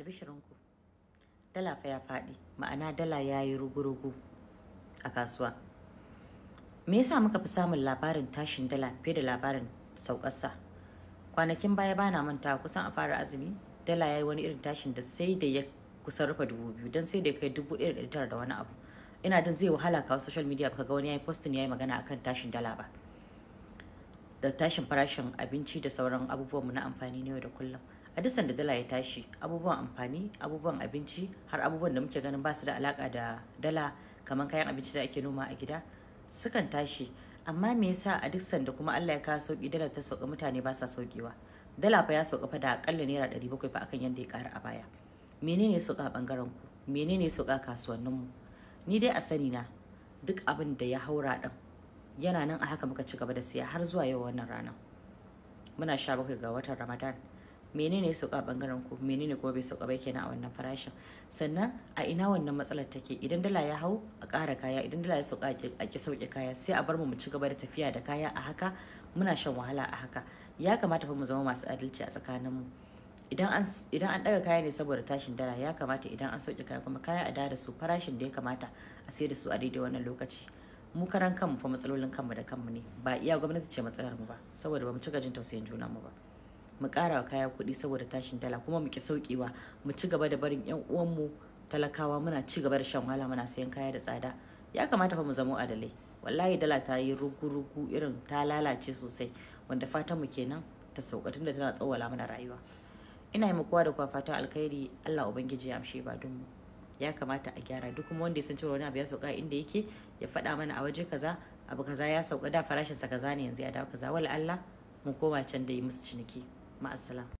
albishirinku dala fa ya faɗi ma'ana dala ya yi rugu-rugu a kasuwa me yasa muka fi samun labarin tashin dala fiye da labarin saukarsa kwanakin baya bana manta kusan a fara azumi dala ya yi wani irin tashin da sai da ya kusan rufe dubu biyu don sai da ya kai dubu ɗaya da tara da wani abu ina jin zai wahala kawo social media baka ga wani ya yi postin ya yi magana akan tashin dala ba da tashin farashin abinci da sauran abubuwanmu na amfani ne yau da kullum a duk sanda dala ya tashi abubuwan amfani abubuwan abinci har abubuwan da muke ganin ba su da alaka da dala kamar kayan abinci da ake noma a gida sukan tashi amma me yasa a duk sanda kuma Allah ya kawo sauki dala ta sauka mutane ba sa saukewa dala fa ya sauka fa da akalla naira 700 fa akan yanda ya kara a baya menene ya sauka a bangaren ku menene ya sauka kasuwannin mu ni dai a sani na duk abin da ya haura din yana nan a haka muka ci gaba da siya har zuwa yau wannan rana muna 17 ga watan Ramadan menene ya sauka a bangaren ku menene kuma bai sauka bai kenan a wannan farashin sannan a ina wannan matsalar take idan dala ya hau a ƙara kaya idan dala ya sauka a ki sauke kaya sai a bar mu mu ci gaba da tafiya da kaya a haka muna shan wahala a haka ya kamata fa mu zama masu adalci a tsakanin mu idan an idan daga kaya ne saboda tashin dala ya kamata idan an sauke kaya kuma kaya a da su farashin da ya kamata a sai da su a daidai wannan lokaci mu karan kanmu fa matsalolin kanmu da kanmu ne ba iya gwamnati ce matsalar mu ba saboda ba mu ci gajin tausayin junan mu ba mu kara wa kaya kuɗi saboda tashin dala kuma mu ki saukewa mu ci gaba da barin 'yan uwanmu talakawa muna ci gaba da shan wahala muna sayan kaya da tsada ya kamata fa mu zamo adalai wallahi dala ta yi rugu-rugu irin ta lalace sosai wanda fatan mu kenan ta sauka tunda tana tsawala mana rayuwa ina yi kowa da kuwa fatan alkhairi Allah ubangiji ya amshe ba mu ya kamata a gyara duk wanda ya san cewa wani abu ya sauka inda yake ya faɗa mana a waje kaza abu kaza ya sauka da farashinsa sa kaza ne yanzu ya dawo kaza wala Allah mu koma can da yi musu ciniki مع السلامة